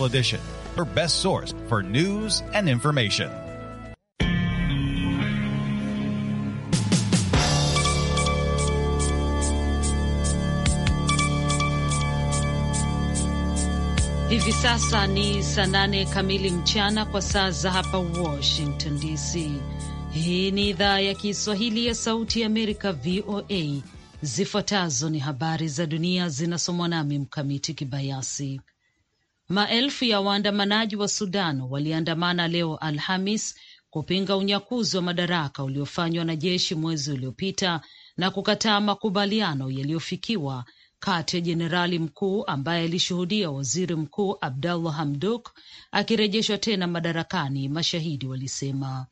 National Edition, your best source for news and information. Hivi sasa ni saa nane kamili mchana kwa saa za hapa Washington DC. Hii ni idhaa ya Kiswahili ya Sauti ya Amerika, VOA. Zifuatazo ni habari za dunia zinasomwa nami Mkamiti Kibayasi. Maelfu ya waandamanaji wa Sudan waliandamana leo Alhamis kupinga unyakuzi wa madaraka uliofanywa na jeshi mwezi uliopita na kukataa makubaliano yaliyofikiwa kati ya jenerali mkuu ambaye alishuhudia waziri mkuu Abdallah Hamdok akirejeshwa tena madarakani, mashahidi walisema.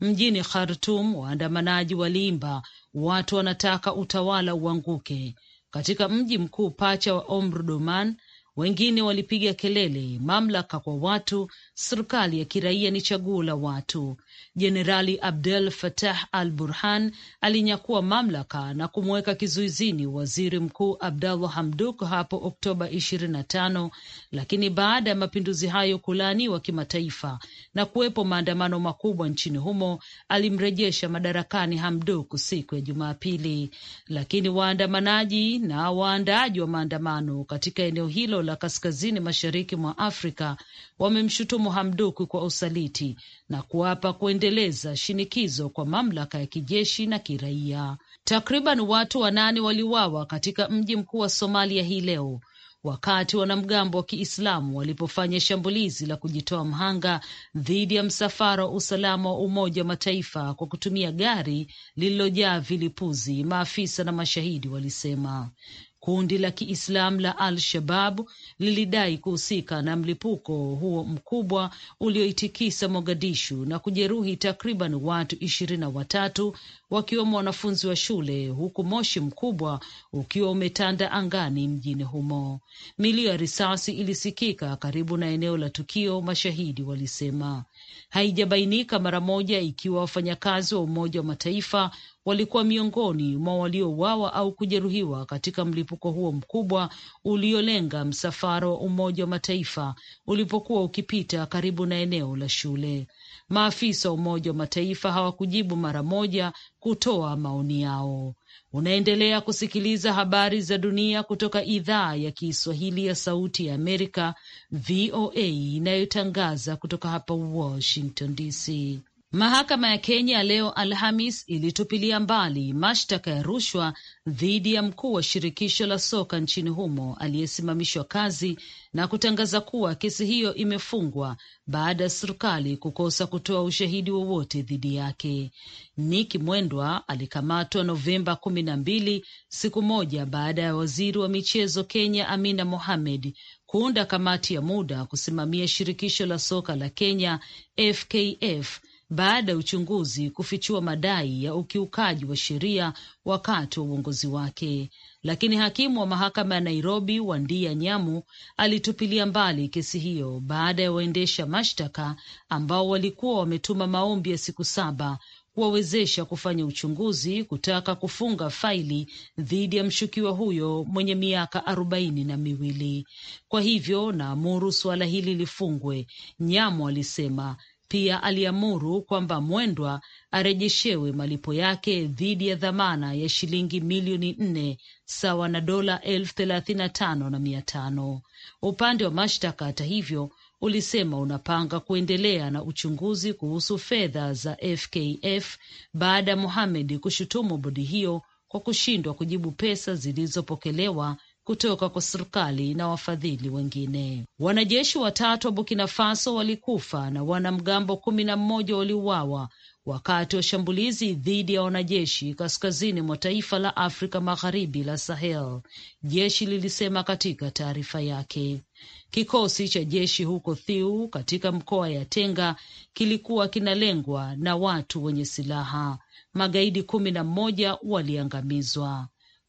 Mjini Khartum, waandamanaji waliimba watu wanataka utawala uanguke. Katika mji mkuu pacha wa Omdurman, wengine walipiga kelele, mamlaka kwa watu, serikali ya kiraia ni chaguo la watu. Jenerali Abdel Fattah al-Burhan alinyakua mamlaka na kumweka kizuizini Waziri Mkuu Abdallah Hamduk hapo Oktoba 25, lakini baada ya mapinduzi hayo kulaaniwa kimataifa na kuwepo maandamano makubwa nchini humo, alimrejesha madarakani Hamduk siku ya Jumapili, lakini waandamanaji na waandaaji wa maandamano katika eneo hilo la kaskazini mashariki mwa Afrika wamemshutumu Hamduk kwa usaliti na kuapa kuendeleza shinikizo kwa mamlaka ya kijeshi na kiraia. Takriban watu wanane waliuawa katika mji mkuu wa Somalia hii leo wakati wanamgambo wa Kiislamu walipofanya shambulizi la kujitoa mhanga dhidi ya msafara wa usalama wa Umoja wa Mataifa kwa kutumia gari lililojaa vilipuzi, maafisa na mashahidi walisema. Kundi la Kiislamu la Al-Shabab lilidai kuhusika na mlipuko huo mkubwa ulioitikisa Mogadishu na kujeruhi takriban watu ishirini na watatu wakiwemo wanafunzi wa shule, huku moshi mkubwa ukiwa umetanda angani mjini humo. Milio ya risasi ilisikika karibu na eneo la tukio, mashahidi walisema. Haijabainika mara moja ikiwa wafanyakazi wa Umoja wa Mataifa walikuwa miongoni mwa waliouawa au kujeruhiwa katika mlipuko huo mkubwa uliolenga msafara wa Umoja wa Mataifa ulipokuwa ukipita karibu na eneo la shule. Maafisa wa Umoja wa Mataifa hawakujibu mara moja kutoa maoni yao. Unaendelea kusikiliza habari za dunia kutoka idhaa ya Kiswahili ya Sauti ya Amerika, VOA, inayotangaza kutoka hapa Washington DC. Mahakama ya Kenya leo Alhamis ilitupilia mbali mashtaka ya rushwa dhidi ya mkuu wa shirikisho la soka nchini humo aliyesimamishwa kazi na kutangaza kuwa kesi hiyo imefungwa baada ya serikali kukosa kutoa ushahidi wowote dhidi yake. Nick Mwendwa alikamatwa Novemba kumi na mbili, siku moja baada ya waziri wa michezo Kenya Amina Mohamed kuunda kamati ya muda kusimamia shirikisho la soka la Kenya FKF baada ya uchunguzi kufichua madai ya ukiukaji wa sheria wakati wa uongozi wake, lakini hakimu wa mahakama ya Nairobi Wandia Nyamu alitupilia mbali kesi hiyo baada ya waendesha mashtaka ambao walikuwa wametuma maombi ya siku saba kuwawezesha kufanya uchunguzi kutaka kufunga faili dhidi ya mshukiwa huyo mwenye miaka arobaini na miwili. Kwa hivyo naamuru suala hili lifungwe, Nyamo alisema, pia aliamuru kwamba Mwendwa arejeshewe malipo yake dhidi ya dhamana ya shilingi milioni nne sawa na dola elfu thelathini na tano na mia tano. Upande wa mashtaka hata hivyo ulisema unapanga kuendelea na uchunguzi kuhusu fedha za FKF baada ya Mohamed kushutumu bodi hiyo kwa kushindwa kujibu pesa zilizopokelewa kutoka kwa serikali na wafadhili wengine. Wanajeshi watatu wa Burkina Faso walikufa na wanamgambo kumi na mmoja waliuawa wakati wa shambulizi dhidi ya wanajeshi kaskazini mwa taifa la Afrika Magharibi la Sahel, jeshi lilisema katika taarifa yake. Kikosi cha jeshi huko Thiu katika mkoa ya Tenga kilikuwa kinalengwa na watu wenye silaha. Magaidi kumi na mmoja waliangamizwa.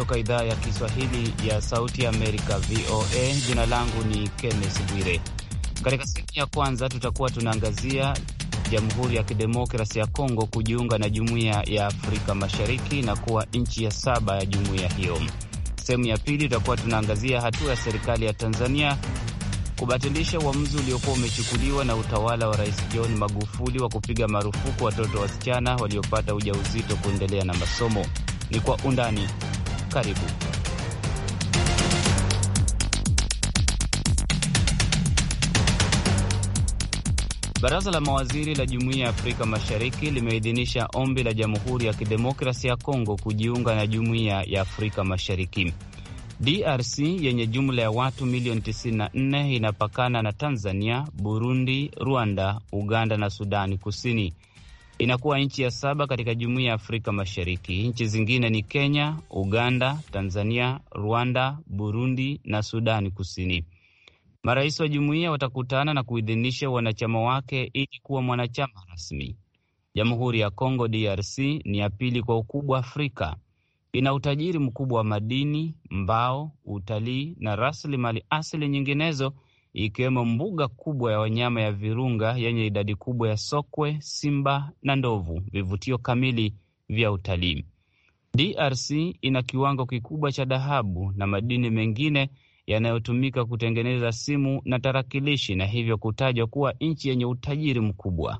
kutoka idhaa ya Kiswahili ya Sauti Amerika, VOA. Jina langu ni Kennes Bwire. Katika sehemu ya kwanza tutakuwa tunaangazia Jamhuri ya Kidemokrasi ya Kongo kujiunga na Jumuiya ya Afrika Mashariki na kuwa nchi ya saba ya jumuiya hiyo. Sehemu ya pili tutakuwa tunaangazia hatua ya serikali ya Tanzania kubatilisha uamuzi uliokuwa umechukuliwa na utawala wa Rais John Magufuli wa kupiga marufuku watoto wasichana waliopata ujauzito kuendelea na masomo. Ni kwa undani. Karibu. Baraza la mawaziri la Jumuiya ya Afrika Mashariki limeidhinisha ombi la Jamhuri ya Kidemokrasi ya Kongo kujiunga na Jumuiya ya Afrika Mashariki. DRC yenye jumla ya watu milioni 94 inapakana na Tanzania, Burundi, Rwanda, Uganda na Sudani Kusini inakuwa nchi ya saba katika jumuiya ya Afrika Mashariki. Nchi zingine ni Kenya, Uganda, Tanzania, Rwanda, Burundi na Sudani Kusini. Marais wa jumuiya watakutana na kuidhinisha wanachama wake ili kuwa mwanachama rasmi. Jamhuri ya congo DRC ni ya pili kwa ukubwa Afrika. Ina utajiri mkubwa wa madini, mbao, utalii na rasilimali asili nyinginezo ikiwemo mbuga kubwa ya wanyama ya Virunga yenye idadi kubwa ya sokwe, simba na ndovu, vivutio kamili vya utalii. DRC ina kiwango kikubwa cha dhahabu na madini mengine yanayotumika kutengeneza simu na tarakilishi na hivyo kutajwa kuwa nchi yenye utajiri mkubwa,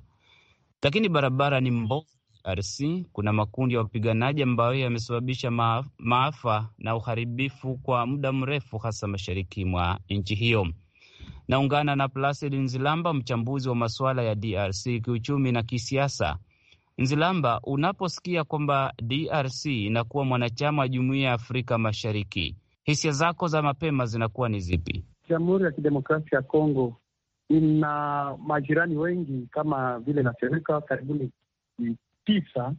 lakini barabara ni mbovu. DRC kuna makundi ya wapiganaji ambayo yamesababisha maafa na uharibifu kwa muda mrefu, hasa mashariki mwa nchi hiyo. Naungana na Placid Nzilamba, mchambuzi wa masuala ya DRC kiuchumi na kisiasa. Nzilamba, unaposikia kwamba DRC inakuwa mwanachama wa jumuiya ya Afrika Mashariki, hisia zako za mapema zinakuwa ni zipi? Jamhuri ya Kidemokrasia ya Kongo ina majirani wengi kama vile nasemeka karibuni tisa,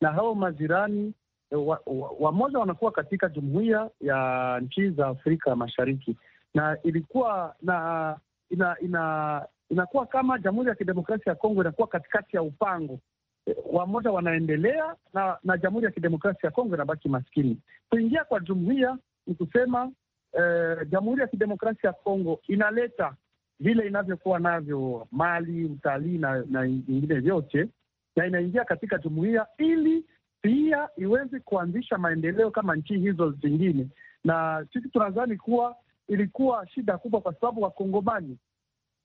na hao majirani wamoja wa, wa wanakuwa katika jumuiya ya nchi za Afrika Mashariki na ilikuwa na ina, ina inakuwa kama Jamhuri ya Kidemokrasia ya Kongo inakuwa katikati ya upango eh, wamoja wanaendelea na na Jamhuri ya Kidemokrasia ya Kongo inabaki maskini. Kuingia kwa jumuiya ni kusema eh, Jamhuri ya Kidemokrasia ya Kongo inaleta vile inavyokuwa navyo mali, utalii na, na vingine vyote, na inaingia katika jumuiya ili pia iweze kuanzisha maendeleo kama nchi hizo zingine, na sisi tunadhani kuwa ilikuwa shida kubwa, kwa sababu wakongomani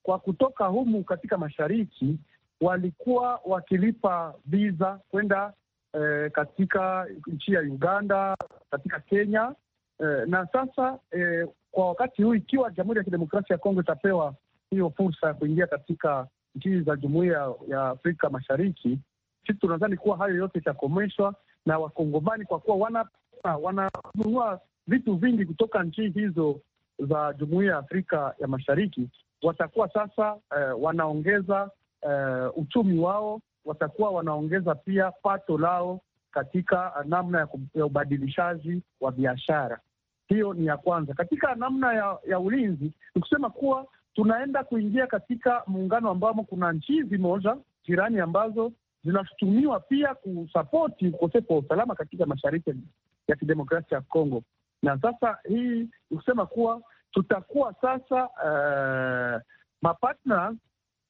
kwa kutoka humu katika mashariki walikuwa wakilipa viza kwenda eh, katika nchi ya Uganda, katika Kenya eh, na sasa eh, kwa wakati huu ikiwa Jamhuri ya Kidemokrasia ya Kongo itapewa hiyo fursa ya kuingia katika nchi za Jumuiya ya Afrika Mashariki, sisi tunadhani kuwa hayo yote itakomeshwa na Wakongomani kwa kuwa wananunua wana, vitu vingi kutoka nchi hizo za Jumuiya ya Afrika ya Mashariki watakuwa sasa eh, wanaongeza eh, uchumi wao, watakuwa wanaongeza pia pato lao katika namna ya ubadilishaji wa biashara. Hiyo ni ya kwanza. Katika namna ya, ya ulinzi ni kusema kuwa tunaenda kuingia katika muungano ambamo kuna nchi hizi moja jirani ambazo zinashutumiwa pia kusapoti ukosefu wa usalama katika mashariki ya kidemokrasia ya Kongo, na sasa hii ni kusema kuwa tutakuwa sasa uh, eh, mapatna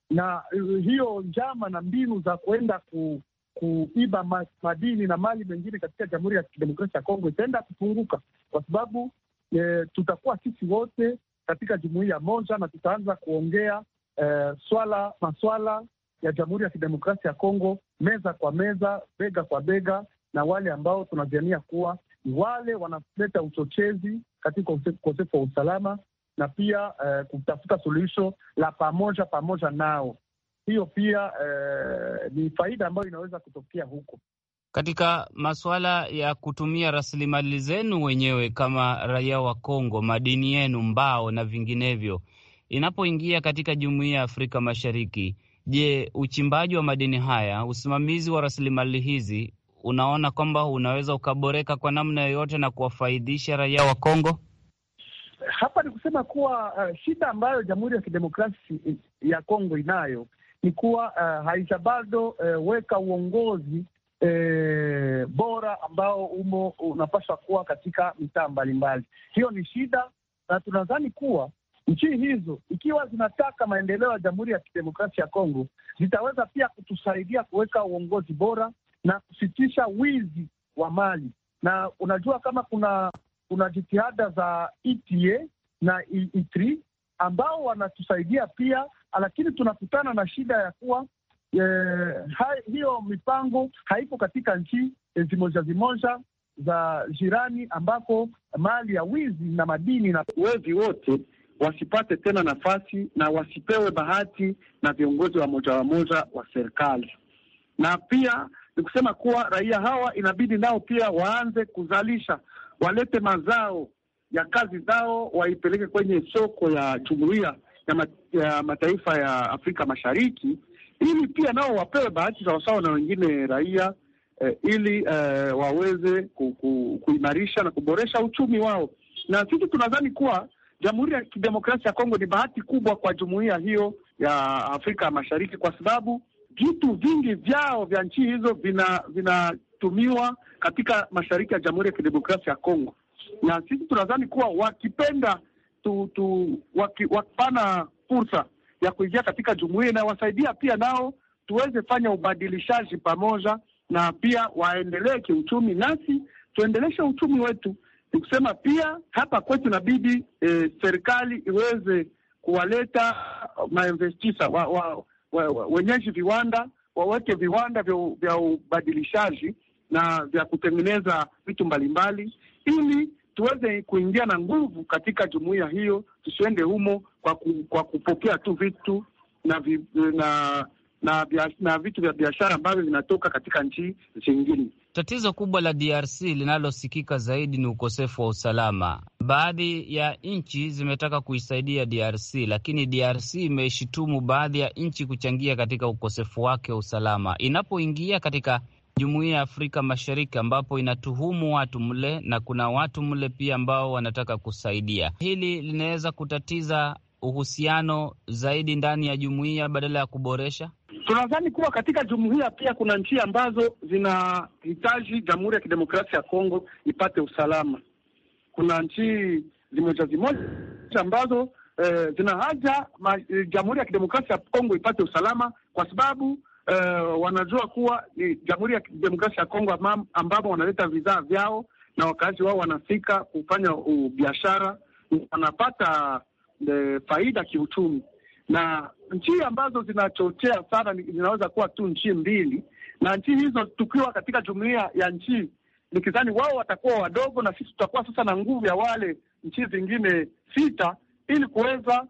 na uh, hiyo njama na mbinu za kuenda ku, kuiba madini na mali mengine katika Jamhuri ya Kidemokrasia ya Kongo itaenda kupunguka kwa sababu eh, tutakuwa sisi wote katika jumuiya moja na tutaanza kuongea eh, swala maswala ya Jamhuri ya Kidemokrasia ya Kongo meza kwa meza, bega kwa bega na wale ambao tunaziania kuwa wale wanaleta uchochezi katika ukosefu wa usalama na pia eh, kutafuta suluhisho la pamoja pamoja nao. Hiyo pia eh, ni faida ambayo inaweza kutokea huko katika masuala ya kutumia rasilimali zenu wenyewe kama raia wa Kongo, madini yenu, mbao na vinginevyo, inapoingia katika jumuiya ya Afrika Mashariki. Je, uchimbaji wa madini haya, usimamizi wa rasilimali hizi unaona kwamba unaweza ukaboreka kwa namna yoyote na kuwafaidisha raia wa Kongo? Hapa ni kusema kuwa uh, shida ambayo Jamhuri ya Kidemokrasi eh, ya Kongo inayo ni kuwa uh, haija bado uh, weka uongozi uh, bora ambao umo unapaswa kuwa katika mitaa mbalimbali. Hiyo ni shida, na tunadhani kuwa nchi hizo ikiwa zinataka maendeleo ya Jamhuri ya Kidemokrasia ya Kongo zitaweza pia kutusaidia kuweka uongozi bora na kusitisha wizi wa mali. Na unajua kama kuna kuna jitihada za ETA na EITRI ambao wanatusaidia pia, lakini tunakutana na shida ya kuwa eh, hai, hiyo mipango haipo katika nchi eh, zimoja zimoja za jirani ambako mali ya wizi na madini na wezi wote wasipate tena nafasi na wasipewe bahati na viongozi wa moja wa moja wa serikali na pia ni kusema kuwa raia hawa inabidi nao pia waanze kuzalisha, walete mazao ya kazi zao, waipeleke kwenye soko ya jumuiya ya mataifa ya Afrika Mashariki ili pia nao wapewe bahati sawasawa na wengine raia eh, ili eh, waweze ku, ku, kuimarisha na kuboresha uchumi wao. Na sisi tunadhani kuwa Jamhuri ya Kidemokrasia ya Kongo ni bahati kubwa kwa jumuiya hiyo ya Afrika Mashariki kwa sababu vitu vingi vyao vya nchi hizo vinatumiwa vina katika mashariki ya Jamhuri ya Kidemokrasia ya Kongo, na sisi tunadhani kuwa wakipenda tu, tu waki, wakipana fursa ya kuingia katika jumuiya inayowasaidia pia nao tuweze fanya ubadilishaji pamoja, na pia waendelee kiuchumi, nasi tuendeleshe uchumi wetu. Ni kusema pia hapa kwetu inabidi eh, serikali iweze kuwaleta mainvestisa wa, wa, wenyeji viwanda waweke viwanda vya ubadilishaji na vya kutengeneza vitu mbalimbali ili tuweze kuingia na nguvu katika jumuiya hiyo, tusiende humo kwa, ku, kwa kupokea tu vitu na, vi, na na, na vitu vya biashara ambavyo vinatoka katika nchi zingine. Tatizo kubwa la DRC linalosikika zaidi ni ukosefu wa usalama. Baadhi ya nchi zimetaka kuisaidia DRC, lakini DRC imeshitumu baadhi ya nchi kuchangia katika ukosefu wake wa usalama inapoingia katika Jumuiya ya Afrika Mashariki ambapo inatuhumu watu mle na kuna watu mle pia ambao wanataka kusaidia. Hili linaweza kutatiza uhusiano zaidi ndani ya jumuiya badala ya kuboresha. Tunadhani kuwa katika jumuiya pia kuna nchi ambazo zinahitaji Jamhuri ya Kidemokrasia ya Kongo ipate usalama. Kuna nchi zimoja zimoja ambazo eh, zina haja eh, Jamhuri ya Kidemokrasia ya Kongo ipate usalama kwa sababu eh, wanajua kuwa ni Jamhuri ya Kidemokrasia ya Kongo ambamo wanaleta vidhaa vyao na wakazi wao wanafika kufanya biashara, wanapata eh, faida kiuchumi na nchi ambazo zinachochea sana zinaweza kuwa tu nchi mbili, na nchi hizo tukiwa katika jumuiya ya nchi nikidhani wao watakuwa wadogo na sisi tutakuwa sasa na nguvu ya wale nchi zingine sita, ili kuweza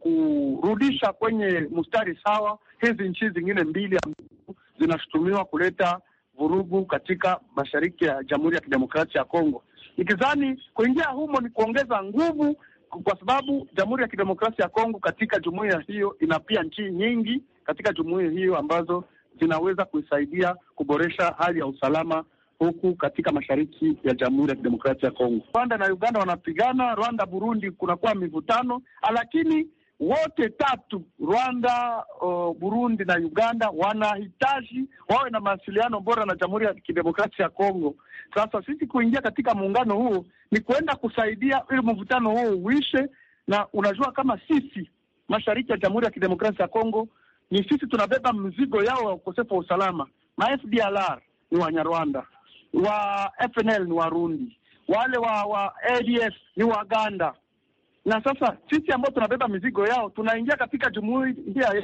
kurudisha kwenye mstari sawa hizi nchi zingine mbili ambazo zinashutumiwa kuleta vurugu katika mashariki ya Jamhuri ya Kidemokrasia ya Kongo. Nikidhani kuingia humo ni kuongeza nguvu kwa sababu Jamhuri ya Kidemokrasia ya Kongo katika jumuiya hiyo ina pia nchi nyingi katika jumuiya hiyo ambazo zinaweza kuisaidia kuboresha hali ya usalama huku katika mashariki ya Jamhuri ya Kidemokrasia ya Kongo. Rwanda na Uganda wanapigana, Rwanda Burundi kunakuwa mivutano, lakini wote tatu Rwanda, uh, Burundi na Uganda wanahitaji wawe na mawasiliano bora na Jamhuri ya Kidemokrasia ya Kongo. Sasa sisi kuingia katika muungano huo ni kuenda kusaidia ili mvutano huo uishe, na unajua kama sisi mashariki ya Jamhuri ya Kidemokrasia ya Kongo ni sisi tunabeba mzigo yao wa ukosefu wa usalama. Ma FDLR ni Wanyarwanda, wa FNL ni Warundi, wale wa, wa ADF ni Waganda na sasa sisi ambao tunabeba mizigo yao tunaingia katika jumuiya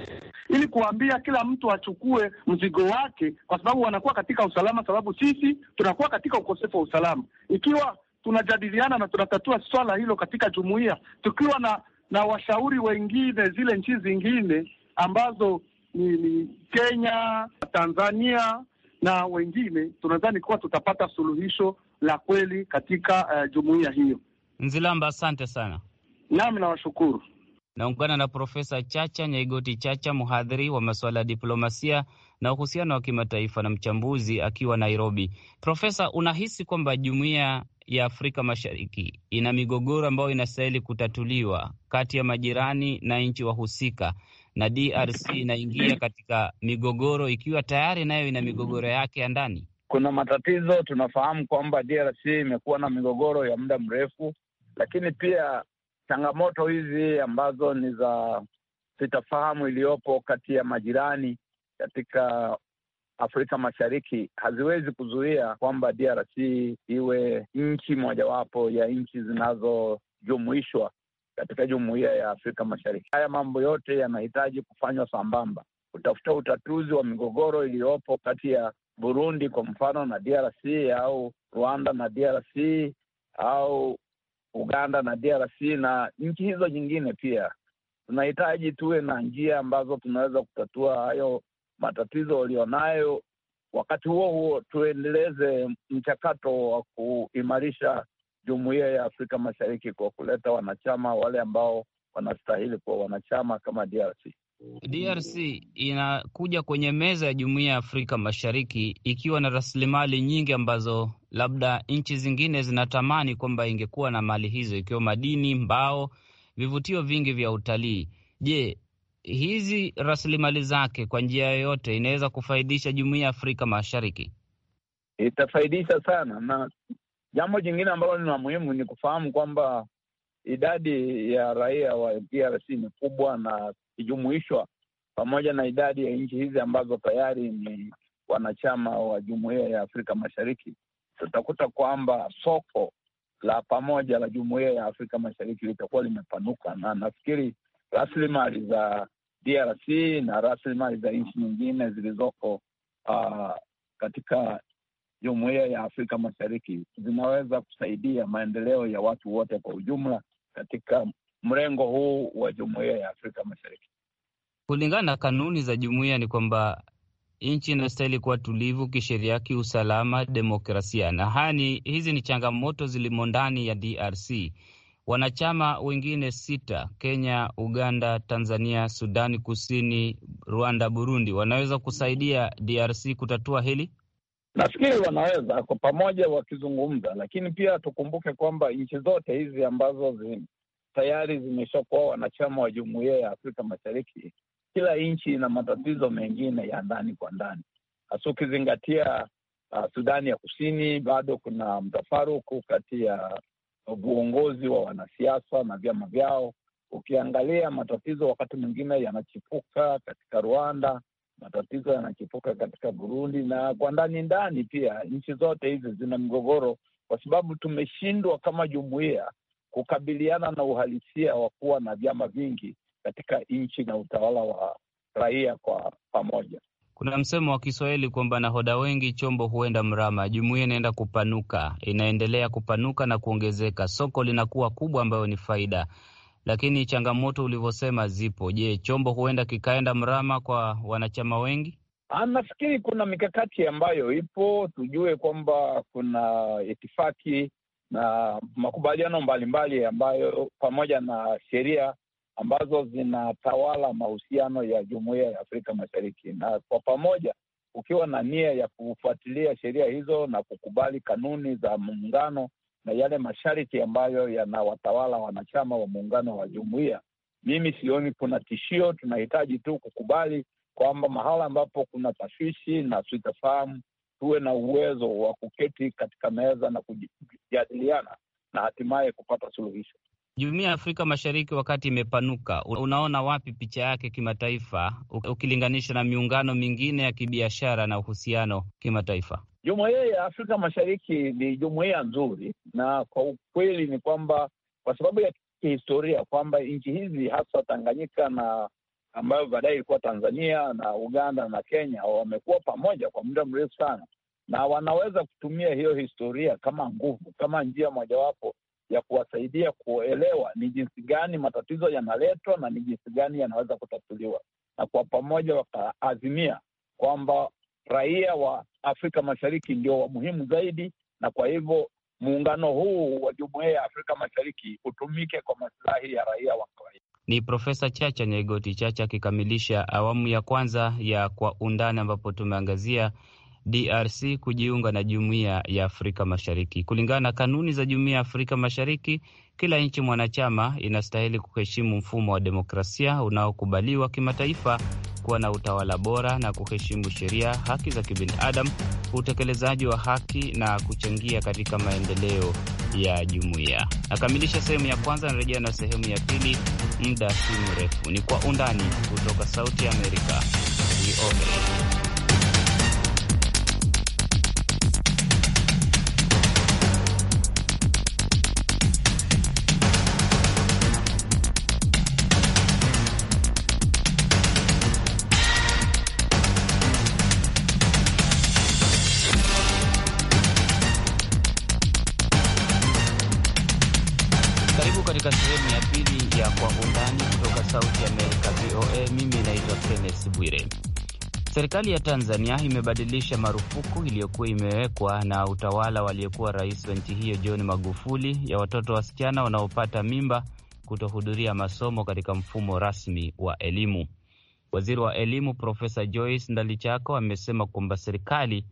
ili kuambia kila mtu achukue mzigo wake, kwa sababu wanakuwa katika usalama, sababu sisi tunakuwa katika ukosefu wa usalama. Ikiwa tunajadiliana na tunatatua swala hilo katika jumuiya tukiwa na na washauri wengine, zile nchi zingine ambazo ni, ni Kenya, Tanzania na wengine, tunadhani kuwa tutapata suluhisho la kweli katika uh, jumuiya hiyo. Nzilamba, asante sana. Nami nawashukuru. Naungana na Profesa Chacha Nyaigoti Chacha, mhadhiri wa masuala ya diplomasia na uhusiano wa kimataifa na mchambuzi, akiwa Nairobi. Profesa, unahisi kwamba jumuiya ya Afrika Mashariki ina migogoro ambayo inastahili kutatuliwa kati ya majirani na nchi wahusika, na DRC inaingia katika migogoro ikiwa tayari nayo ina migogoro yake ya ndani? Kuna matatizo. Tunafahamu kwamba DRC imekuwa na migogoro ya muda mrefu, lakini pia changamoto hizi ambazo ni za sitafahamu iliyopo kati ya majirani katika Afrika Mashariki haziwezi kuzuia kwamba DRC iwe nchi mojawapo ya nchi zinazojumuishwa katika jumuiya ya Afrika Mashariki. Haya mambo yote yanahitaji kufanywa sambamba, kutafuta utatuzi wa migogoro iliyopo kati ya Burundi kwa mfano na DRC au Rwanda na DRC au Uganda na DRC na nchi hizo nyingine pia. Tunahitaji tuwe na njia ambazo tunaweza kutatua hayo matatizo walionayo. Wakati huo huo, tuendeleze mchakato wa kuimarisha jumuiya ya Afrika Mashariki kwa kuleta wanachama wale ambao wanastahili kuwa wanachama kama DRC. Mm. DRC inakuja kwenye meza ya Jumuiya ya Afrika Mashariki ikiwa na rasilimali nyingi ambazo labda nchi zingine zinatamani kwamba ingekuwa na mali hizo, ikiwa madini, mbao, vivutio vingi vya utalii. Je, hizi rasilimali zake kwa njia yoyote inaweza kufaidisha Jumuiya ya Afrika Mashariki? Itafaidisha sana, na jambo jingine ambalo ni la muhimu ni kufahamu kwamba idadi ya raia wa DRC ni kubwa na ikijumuishwa pamoja na idadi ya nchi hizi ambazo tayari ni wanachama wa Jumuiya ya Afrika Mashariki, tutakuta kwamba soko la pamoja la Jumuiya ya Afrika Mashariki litakuwa limepanuka, na nafikiri rasilimali za DRC na rasilimali za nchi nyingine zilizoko uh, katika Jumuiya ya Afrika Mashariki zinaweza kusaidia maendeleo ya watu wote kwa ujumla katika mrengo huu wa jumuiya ya Afrika Mashariki. Kulingana na kanuni za jumuiya ni kwamba nchi inastahili kuwa tulivu kisheria, kiusalama, demokrasia na hani. Hizi ni changamoto zilimo ndani ya DRC. Wanachama wengine sita, Kenya, Uganda, Tanzania, Sudani Kusini, Rwanda, Burundi, wanaweza kusaidia DRC kutatua hili. Nafikiri wanaweza kwa pamoja wakizungumza, lakini pia tukumbuke kwamba nchi zote hizi ambazo tayari zimeshakuwa wanachama wa jumuiya ya Afrika Mashariki. Kila nchi ina matatizo mengine ya ndani kwa ndani, hasa ukizingatia uh, Sudani ya Kusini bado kuna mtafaruku kati ya uongozi wa wanasiasa na vyama vyao. Ukiangalia matatizo wakati mwingine yanachipuka katika Rwanda, matatizo yanachipuka katika Burundi, na kwa ndani ndani pia nchi zote hizi zina mgogoro, kwa sababu tumeshindwa kama jumuiya kukabiliana na uhalisia wa kuwa na vyama vingi katika nchi na utawala wa raia kwa pamoja. Kuna msemo wa Kiswahili kwamba nahoda wengi chombo huenda mrama. Jumuiya inaenda kupanuka, inaendelea kupanuka na kuongezeka, soko linakuwa kubwa, ambayo ni faida, lakini changamoto ulivyosema zipo. Je, chombo huenda kikaenda mrama kwa wanachama wengi? Ah, nafikiri kuna mikakati ambayo ipo, tujue kwamba kuna itifaki na makubaliano mbalimbali ambayo pamoja na sheria ambazo zinatawala mahusiano ya Jumuiya ya Afrika Mashariki, na kwa pamoja ukiwa na nia ya kufuatilia sheria hizo na kukubali kanuni za muungano na yale masharti ambayo yanawatawala wanachama wa muungano wa jumuiya, mimi sioni kuna tishio. Tunahitaji tu kukubali kwamba mahala ambapo kuna tashwishi na sitafahamu tuwe na uwezo wa kuketi katika meza na kujadiliana na hatimaye kupata suluhisho. Jumuiya ya Afrika Mashariki wakati imepanuka, unaona wapi picha yake kimataifa ukilinganisha na miungano mingine ya kibiashara na uhusiano kimataifa? Jumuiya ya Afrika Mashariki ni jumuiya nzuri, na kwa ukweli ni kwamba kwa sababu ya kihistoria kwamba nchi hizi hasa Tanganyika na ambayo baadaye ilikuwa Tanzania na Uganda na Kenya, wamekuwa pamoja kwa muda mrefu sana, na wanaweza kutumia hiyo historia kama nguvu, kama njia mojawapo ya kuwasaidia kuelewa ni jinsi gani matatizo yanaletwa na ni jinsi gani yanaweza kutatuliwa, na kwa pamoja wakaazimia kwamba raia wa Afrika Mashariki ndio wa muhimu zaidi, na kwa hivyo muungano huu wa Jumuiya ya Afrika Mashariki utumike kwa masilahi ya raia wa kawaida. Ni Profesa Chacha Nyaigoti Chacha akikamilisha awamu ya kwanza ya Kwa Undani, ambapo tumeangazia DRC kujiunga na jumuiya ya Afrika Mashariki. Kulingana na kanuni za jumuiya ya Afrika Mashariki, kila nchi mwanachama inastahili kuheshimu mfumo wa demokrasia unaokubaliwa kimataifa, kuwa na utawala bora na kuheshimu sheria, haki za kibinadamu, utekelezaji wa haki na kuchangia katika maendeleo ya jumuiya. Nakamilisha sehemu ya kwanza, narejea na sehemu ya pili muda si mrefu. Ni kwa undani kutoka Sauti ya Amerika, VOA. Serikali ya Tanzania imebadilisha marufuku iliyokuwa imewekwa na utawala wa aliyekuwa rais wa nchi hiyo John Magufuli ya watoto wasichana wanaopata mimba kutohudhuria masomo katika mfumo rasmi wa elimu. Waziri wa elimu Profesa Joyce Ndalichako amesema kwamba serikali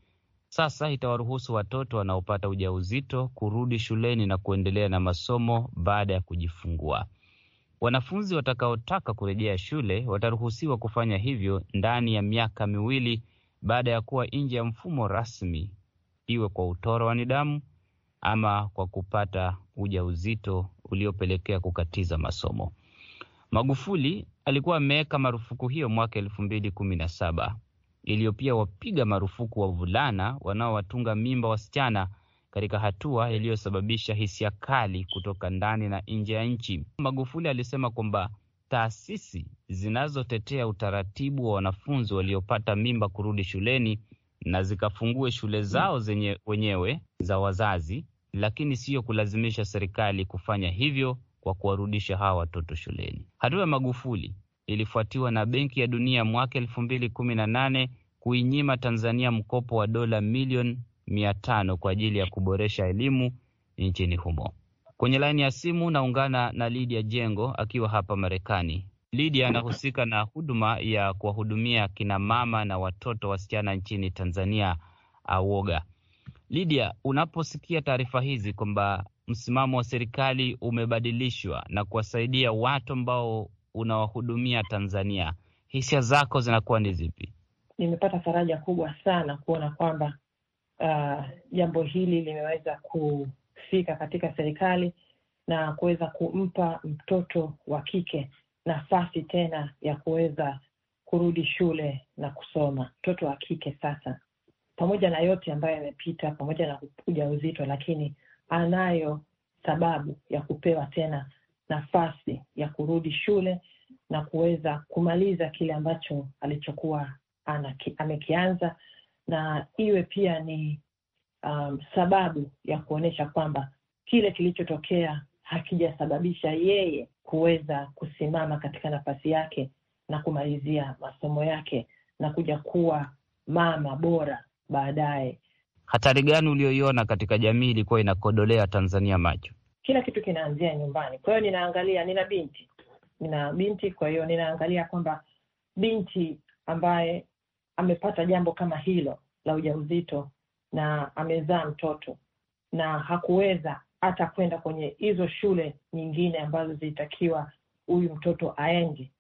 sasa itawaruhusu watoto wanaopata ujauzito kurudi shuleni na kuendelea na masomo baada ya kujifungua. Wanafunzi watakaotaka kurejea shule wataruhusiwa kufanya hivyo ndani ya miaka miwili baada ya kuwa nje ya mfumo rasmi, iwe kwa utoro wa nidhamu ama kwa kupata ujauzito uliopelekea kukatiza masomo. Magufuli alikuwa ameweka marufuku hiyo mwaka elfu mbili kumi na saba iliyo pia wapiga marufuku wavulana wanaowatunga mimba wasichana katika hatua iliyosababisha hisia kali kutoka ndani na nje ya nchi. Magufuli alisema kwamba taasisi zinazotetea utaratibu wa wanafunzi waliopata mimba kurudi shuleni na zikafungue shule zao zenye wenyewe za wazazi, lakini siyo kulazimisha serikali kufanya hivyo kwa kuwarudisha hawa watoto shuleni. Hatua ya Magufuli ilifuatiwa na Benki ya Dunia mwaka elfu mbili kumi na nane kuinyima Tanzania mkopo wa dola milioni mia tano kwa ajili ya kuboresha elimu nchini humo. Kwenye laini ya simu naungana na Lydia Jengo akiwa hapa Marekani. Lydia anahusika na huduma ya kuwahudumia kina mama na watoto wasichana nchini Tanzania, AWOGA. Lydia, unaposikia taarifa hizi kwamba msimamo wa serikali umebadilishwa na kuwasaidia watu ambao unawahudumia Tanzania, hisia zako zinakuwa ni zipi? Nimepata faraja kubwa sana kuona kwamba Uh, jambo uh, hili limeweza kufika katika serikali na kuweza kumpa mtoto wa kike nafasi tena ya kuweza kurudi shule na kusoma. Mtoto wa kike sasa, pamoja na yote ambayo yamepita, pamoja na uzito lakini anayo sababu ya kupewa tena nafasi ya kurudi shule na kuweza kumaliza kile ambacho alichokuwa anaki, amekianza na iwe pia ni um, sababu ya kuonyesha kwamba kile kilichotokea hakijasababisha yeye kuweza kusimama katika nafasi yake na kumalizia masomo yake na kuja kuwa mama bora baadaye. Hatari gani uliyoiona katika jamii ilikuwa inakodolea Tanzania macho? Kila kitu kinaanzia nyumbani. Kwa hiyo ninaangalia, nina binti, nina binti, kwa hiyo ninaangalia kwamba binti ambaye amepata jambo kama hilo la ujauzito na amezaa mtoto na hakuweza hata kwenda kwenye hizo shule nyingine ambazo zilitakiwa huyu mtoto aende,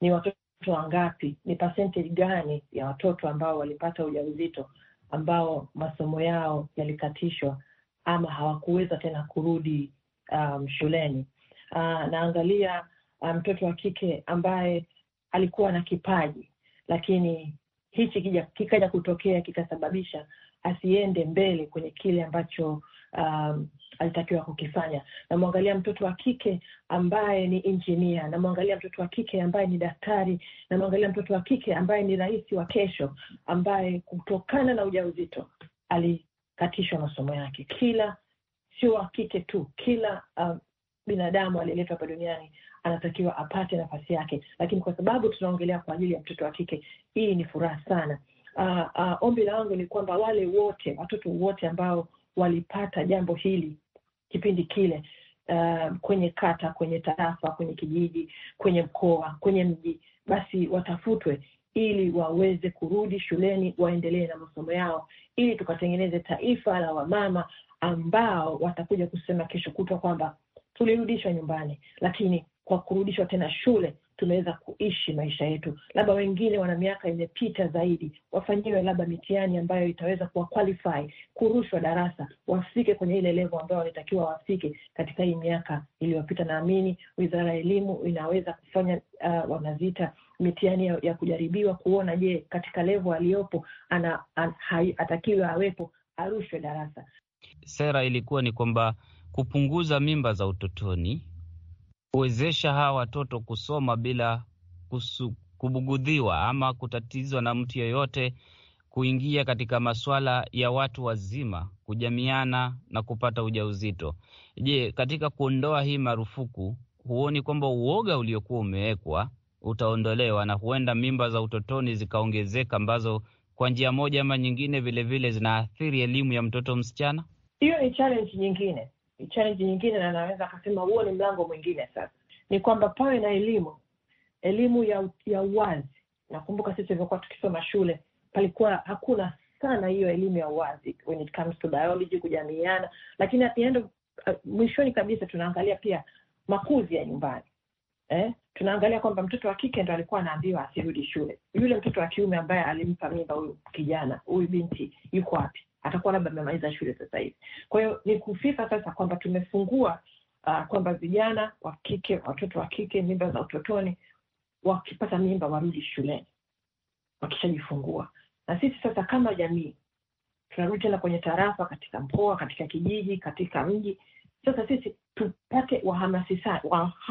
ni watoto wangapi? Ni percentage gani ya watoto ambao walipata ujauzito ambao masomo yao yalikatishwa ama hawakuweza tena kurudi um, shuleni? Uh, naangalia uh, mtoto um, wa kike ambaye alikuwa na kipaji lakini hichi kikaja kutokea kikasababisha asiende mbele kwenye kile ambacho um, alitakiwa kukifanya. Namwangalia mtoto wa kike ambaye ni injinia, namwangalia mtoto wa kike ambaye ni daktari, namwangalia mtoto wa kike ambaye ni rais wa kesho, ambaye kutokana na ujauzito alikatishwa masomo yake. Kila sio wa kike tu, kila uh, binadamu aliyeletwa hapa duniani anatakiwa apate nafasi yake, lakini kwa sababu tunaongelea kwa ajili ya mtoto wa kike, hii ni furaha sana. Uh, uh, ombi langu ni kwamba wale wote watoto wote ambao walipata jambo hili kipindi kile, uh, kwenye kata, kwenye tarafa, kwenye kijiji, kwenye mkoa, kwenye mji, basi watafutwe ili waweze kurudi shuleni waendelee na masomo yao, ili tukatengeneze taifa la wamama ambao watakuja kusema kesho kutwa kwamba tulirudishwa nyumbani, lakini kwa kurudishwa tena shule tumeweza kuishi maisha yetu. Labda wengine wana miaka imepita zaidi, wafanyiwe labda mitihani ambayo itaweza kuwa qualify kurushwa darasa, wafike kwenye ile level ambayo walitakiwa wafike katika hii miaka iliyopita. Naamini wizara ya elimu inaweza kufanya uh, wanaziita mitihani ya, ya kujaribiwa kuona, je, katika level aliyopo ana, an, atakiwa awepo arushwe darasa. Sera ilikuwa ni kwamba kupunguza mimba za utotoni, kuwezesha hawa watoto kusoma bila kusu, kubugudhiwa ama kutatizwa na mtu yeyote, kuingia katika masuala ya watu wazima, kujamiana na kupata ujauzito. Je, katika kuondoa hii marufuku, huoni kwamba uoga uliokuwa umewekwa utaondolewa na huenda mimba za utotoni zikaongezeka, ambazo kwa njia moja ama nyingine vilevile zinaathiri elimu ya mtoto msichana? Hiyo ni challenge nyingine challenge nyingine, na naweza akasema huo ni mlango mwingine. Sasa ni kwamba pawe na elimu, elimu ya ya uwazi. Nakumbuka sisi tulivyokuwa tukisoma shule, palikuwa hakuna sana hiyo elimu ya uwazi when it comes to biology, kujamiiana, lakini at the end of uh, mwishoni kabisa tunaangalia pia makuzi ya nyumbani eh? Tunaangalia kwamba mtoto wa kike ndo alikuwa anaambiwa asirudi shule, yule mtoto wa kiume ambaye alimpa mimba huyu kijana huyu binti yuko wapi? atakuwa labda amemaliza shule sasa hivi. Kwa hiyo ni kufika sasa kwamba tumefungua uh, kwamba vijana wa kike, watoto wa kike, mimba za utotoni, wakipata mimba warudi shuleni wakishajifungua. Na sisi sasa kama jamii tunarudi tena kwenye tarafa, katika mkoa, katika kijiji, katika mji. Sasa sisi tupate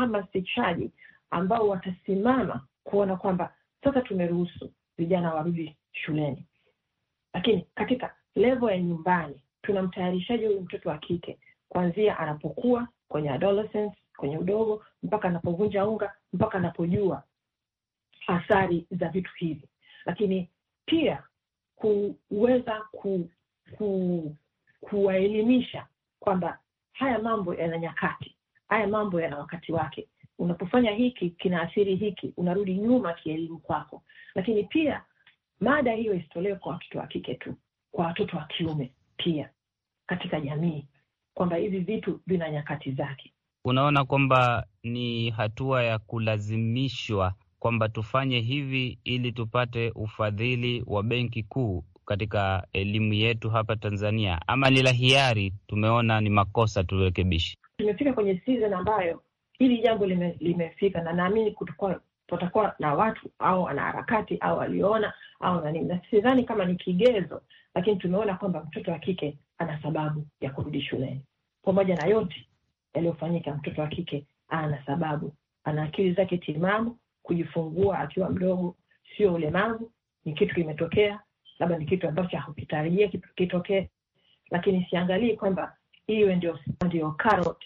wahamasishaji ambao watasimama kuona kwamba sasa tumeruhusu vijana warudi shuleni, lakini katika levo ya nyumbani, tuna mtayarishaji huyu mtoto wa kike kuanzia anapokuwa kwenye adolescence, kwenye udogo, mpaka anapovunja unga, mpaka anapojua athari za vitu hivi, lakini pia kuweza ku, ku, kuwaelimisha kwamba haya mambo yana nyakati, haya mambo yana wakati wake. Unapofanya hiki kinaathiri hiki, unarudi nyuma kielimu kwako. Lakini pia mada hiyo isitolewe kwa watoto wa kike tu, kwa watoto wa kiume pia katika jamii, kwamba hivi vitu vina nyakati zake. Unaona kwamba ni hatua ya kulazimishwa kwamba tufanye hivi ili tupate ufadhili wa Benki Kuu katika elimu yetu hapa Tanzania, ama ni la hiari? Tumeona ni makosa tulirekebisha. Tumefika kwenye season ambayo hili jambo lime, limefika na naamini kutakuwa patakuwa na watu au wanaharakati au walioona au na nini, na sidhani kama ni kigezo lakini tumeona kwamba mtoto wa kike ana sababu ya kurudi shuleni. Pamoja na yote yaliyofanyika, mtoto wa kike ana sababu, ana akili zake timamu. Kujifungua akiwa mdogo sio ulemavu, ni kitu kimetokea, labda ni kitu ambacho hakitarajia kitokee, lakini siangalii kwamba iwe ndio, ndio carrot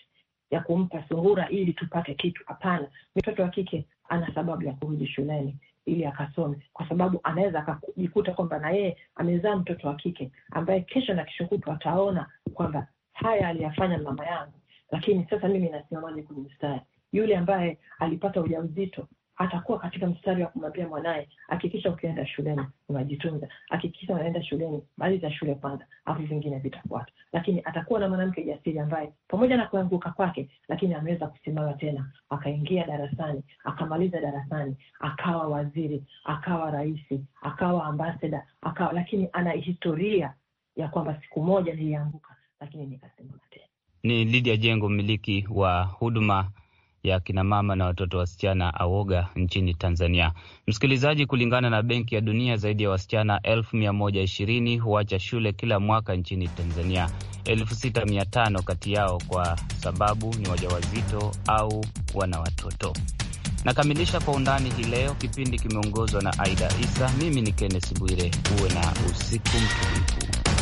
ya kumpa sungura ili tupate kitu. Hapana, mtoto wa kike ana sababu ya kurudi shuleni ili akasome, kwa sababu anaweza akajikuta kwamba na yeye amezaa mtoto wa kike ambaye kesho na kesho kutwa ataona kwamba haya aliyafanya mama yangu, lakini sasa mimi nasimamaje kwenye mstari? Yule ambaye alipata ujauzito atakuwa katika mstari wa kumwambia mwanaye, hakikisha ukienda shuleni unajitunza, hakikisha unaenda shuleni, maliza shule kwanza, afu vingine vitafuata. Lakini atakuwa na mwanamke jasiri ambaye pamoja na kuanguka kwake, lakini ameweza kusimama tena, akaingia darasani, akamaliza darasani, akawa waziri, akawa rais, akawa ambasada, akawa lakini ana historia ya kwamba siku moja nilianguka, lakini nikasimama tena. Ni Lidia Jengo, mmiliki wa huduma ya kinamama na watoto wasichana AWOGA nchini Tanzania. Msikilizaji, kulingana na Benki ya Dunia, zaidi ya wasichana elfu mia moja ishirini huacha shule kila mwaka nchini Tanzania, elfu sita mia tano kati yao kwa sababu ni wajawazito au wana watoto. Nakamilisha kwa undani hii leo. Kipindi kimeongozwa na Aida Isa. Mimi ni Kenneth Bwire. Uwe na usiku mtulivu.